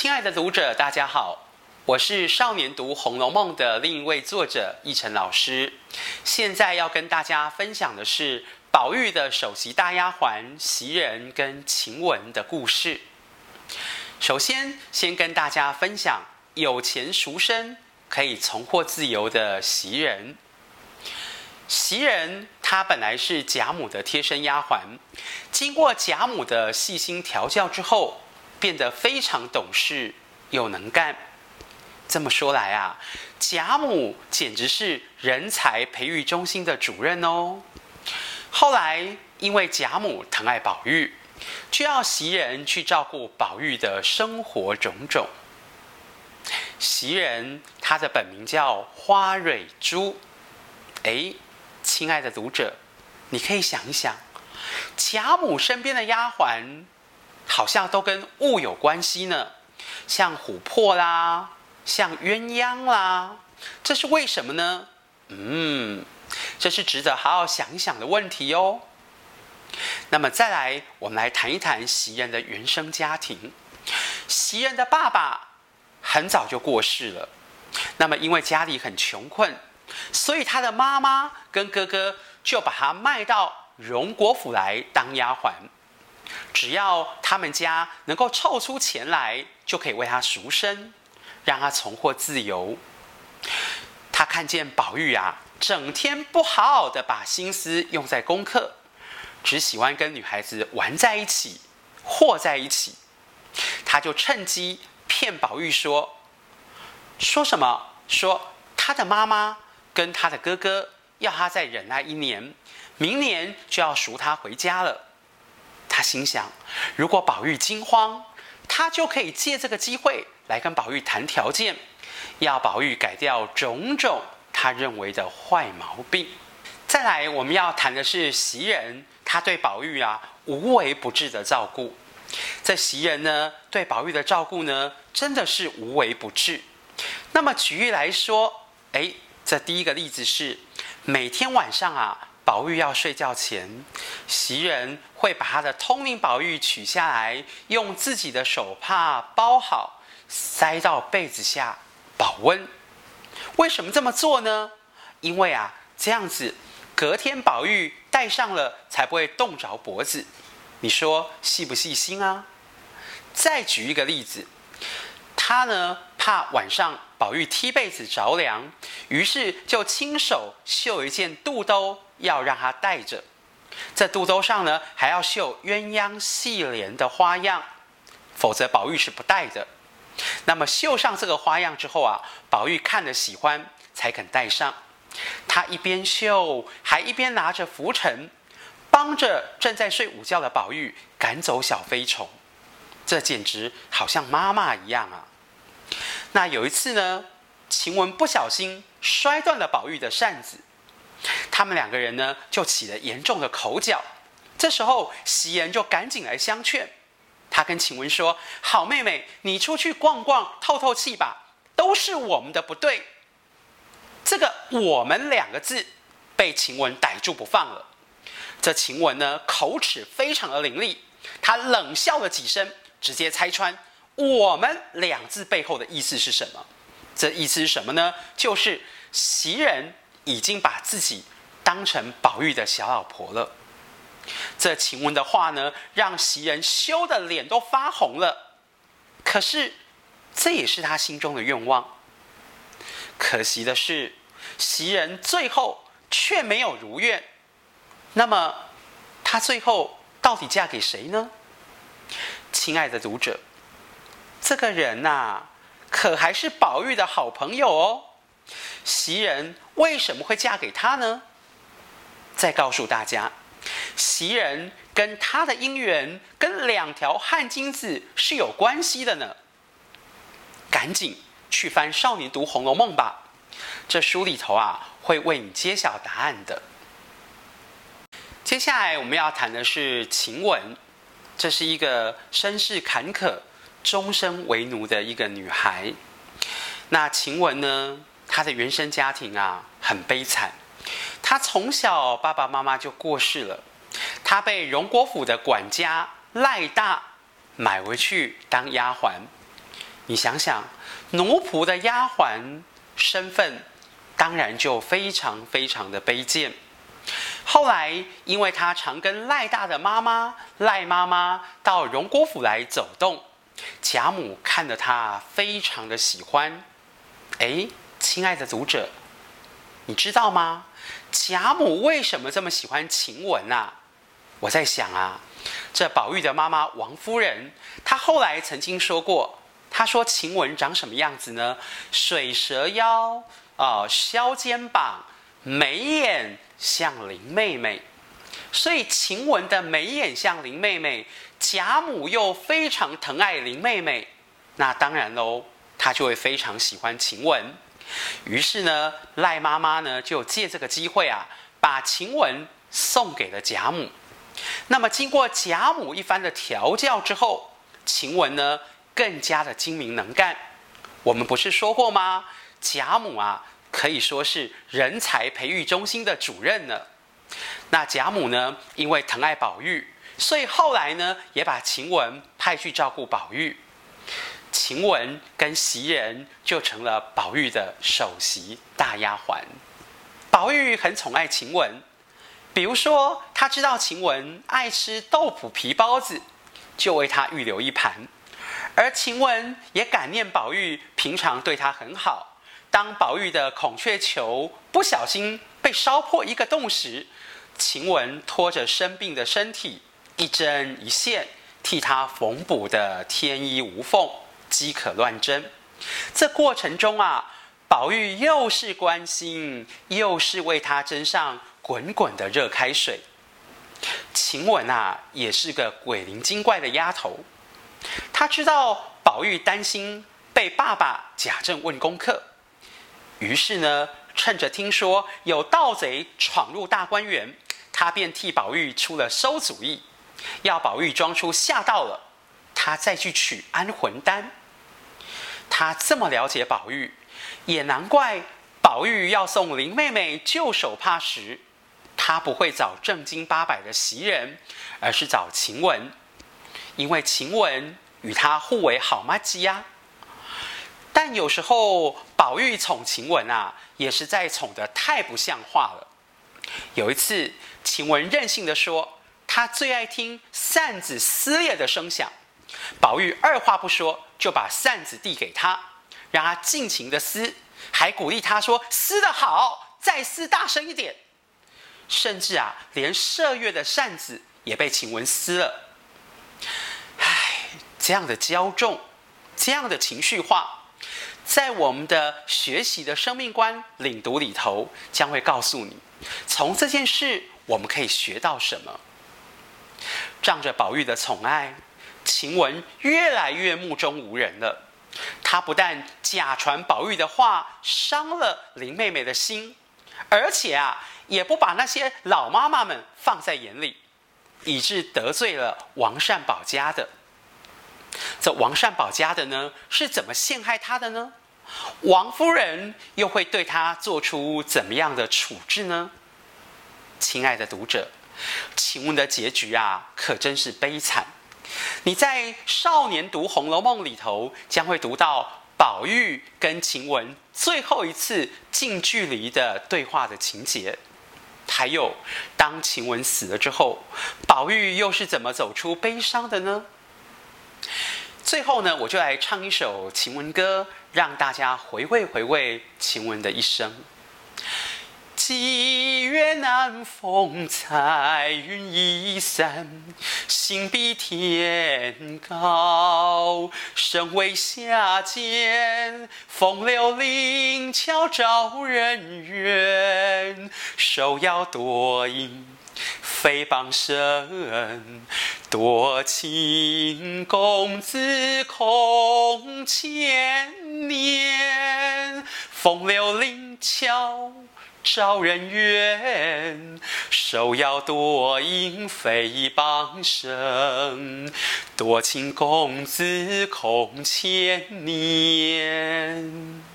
親愛的讀者，大家好，我是少年讀《紅樓夢》的另一位作者奕成老師。現在要跟大家分享的是寶玉的首席大丫鬟襲人跟晴雯的故事。首先，先跟大家分享有錢贖身可以重獲自由的襲人。襲人她本來是賈母的貼身丫鬟，經過賈母的細心調教之後。變得非常懂事，又能幹。這麼說來啊，賈母簡直是人才培育中心的主任哦。後來因為賈母疼愛寶玉，就要襲人去照顧寶玉的生活種種。襲人他的本名叫花蕊珠。哎、欸，親愛的讀者，你可以想一想，賈母身邊的丫鬟，好像都跟物有關係呢，像琥珀啦，像鴛鴦啦，這是為什麼呢？嗯，這是值得好好想一想的問題哦。那麼再來，我們來談一談襲人的原生家庭。襲人的爸爸很早就過世了，那麼因為家裡很窮困，所以他的媽媽跟哥哥就把他賣到榮國府來當丫鬟。只要他們家能夠湊出錢來，就可以為他贖身，讓他重獲自由。他看見寶玉啊，整天不好好的把心思用在功課，只喜歡跟女孩子玩在一起、禍在一起。他就趁機騙寶玉說：“說什麼？說他的媽媽跟他的哥哥要他再忍耐一年，明年就要贖他回家了。”他心想，如果寶玉驚慌，他就可以借這個機會來跟寶玉談條件，要寶玉改掉種種他認為的壞毛病。再來，我們要談的是襲人，他對寶玉啊無微不至的照顧。這襲人呢，對寶玉的照顧呢，真的是無微不至。那麼舉例來說，誒，這第一個例子是每天晚上啊。寶玉要睡覺前，襲人會把他的通靈寶玉取下來，用自己的手帕包好，塞到被子下保溫。為什麼這麼做呢？因為啊，這樣子隔天寶玉戴上了才不會凍着脖子。你說細不細心啊？再舉一個例子，他呢怕晚上寶玉踢被子着涼，於是就親手繡一件肚兜。要讓他戴着，在肚兜上呢，還要繡鴛鴦戲蓮的花樣，否則寶玉是不戴的。那麼繡上這個花樣之後啊，寶玉看了喜歡，才肯戴上。他一邊繡，還一邊拿着拂塵，幫着正在睡午覺的寶玉趕走小飛蟲，這簡直好像媽媽一樣啊。那有一次呢，晴雯不小心摔斷了寶玉的扇子。他們兩個人呢，就起了嚴重的口角。這時候，襲人就趕緊來相勸。他跟晴雯說：“好妹妹，你出去逛逛，透透氣吧。都是我們的不對。”這個“我們”兩個字被晴雯逮住不放了。這晴雯呢，口齒非常的伶俐，她冷笑了幾聲，直接拆穿“我們”兩字背後的意思是什麼？這意思是什麼呢？就是襲人已經把自己。當成寶玉的小老婆了，這晴雯的話呢，讓襲人羞得臉都發紅了。可是，這也是她心中的願望。可惜的是，襲人最後卻沒有如願。那麼，她最後到底嫁給誰呢？親愛的讀者，這個人吶、啊，可還是寶玉的好朋友哦。襲人為什麼會嫁給他呢？再告訴大家，襲人跟她的姻緣跟兩條汗巾子是有關係的呢。趕緊去翻《少年讀紅樓夢》吧，這書裡頭啊，會為你揭曉答案的。接下來我們要談的是晴雯，這是一個身世坎坷、終身為奴的一個女孩。那晴雯呢，她的原生家庭啊很悲慘。他從小爸爸媽媽就過世了，他被榮國府的管家賴大買回去當丫鬟。你想想，奴僕的丫鬟身份，當然就非常非常的卑賤。後來，因為他常跟賴大的媽媽賴媽媽到榮國府來走動，賈母看了他，非常的喜歡。哎，親愛的讀者，你知道嗎？賈母為什麼這麼喜歡晴雯吶？我在想啊，這寶玉的媽媽王夫人，她後來曾經說過，她說晴雯長什麼樣子呢？水蛇腰，啊、呃，削肩膀，眉眼像林妹妹。所以晴雯的眉眼像林妹妹，賈母又非常疼愛林妹妹。那當然嘍，她就會非常喜歡晴雯。於是呢，賴媽媽呢就借這個機會啊，把晴雯送給了賈母。那麼經過賈母一番的調教之後，晴雯呢更加的精明能幹。我們不是說過嗎？賈母啊可以說是人才培育中心的主任呢。那賈母呢，因為疼愛寶玉，所以後來呢也把晴雯派去照顧寶玉。晴雯跟襲人就成了寶玉的首席大丫鬟。寶玉很寵愛晴雯，比如說他知道晴雯愛吃豆腐皮包子，就為她預留一盤。而晴雯也感念寶玉平常對她很好。當寶玉的孔雀裘不小心被燒破一個洞時，晴雯拖着生病的身體，一針一線替他縫補的天衣無縫。飢渴亂蒸，這過程中啊，寶玉又是關心，又是為他斟上滾滾的熱開水。晴雯啊，也是個鬼靈精怪的丫頭，她知道寶玉擔心被爸爸賈政問功課，於是呢，趁着聽說有盜賊闖入大觀園，她便替寶玉出了餿主意，要寶玉裝出嚇到了，她再去取安魂丹。他這麼了解寶玉，也難怪寶玉要送林妹妹舊手帕時，他不會找正經八百的襲人，而是找晴雯，因為晴雯與他互為好麻吉呀。但有時候寶玉寵晴雯啊，也實在寵得太不像話了。有一次，晴雯任性地說，她最愛聽扇子撕裂的聲響。寶玉二話不說就把扇子遞給他，讓他盡情的撕，還鼓勵他說：“撕得好，再撕大聲一點。”甚至啊，連麝月的扇子也被晴雯撕了。唉，這樣的驕縱，這樣的情緒化，在我們的學習的生命觀領讀裡頭，將會告訴你，從這件事我們可以學到什麼。仗着寶玉的寵愛。晴雯越來越目中無人了，她不但假傳寶玉的話傷了林妹妹的心，而且啊也不把那些老媽媽們放在眼裡，以致得罪了王善保家的。這王善保家的呢是怎麼陷害她的呢？王夫人又會對她做出怎麼樣的處置呢？親愛的讀者，晴雯的結局啊可真是悲慘。你在少年讀《紅樓夢》裡頭，將會讀到寶玉跟晴雯最後一次近距離的對話的情節，還有當晴雯死了之後，寶玉又是怎麼走出悲傷的呢？最後呢，我就來唱一首晴雯歌，讓大家回味回味晴雯的一生。霽月難逢，彩雲易散，心比天高，身為下賤，風流靈巧招人怨。壽夭多因誹謗生，多情公子空牽念。風流靈巧。招人怨，壽夭多因誹謗生，多情公子空牽念。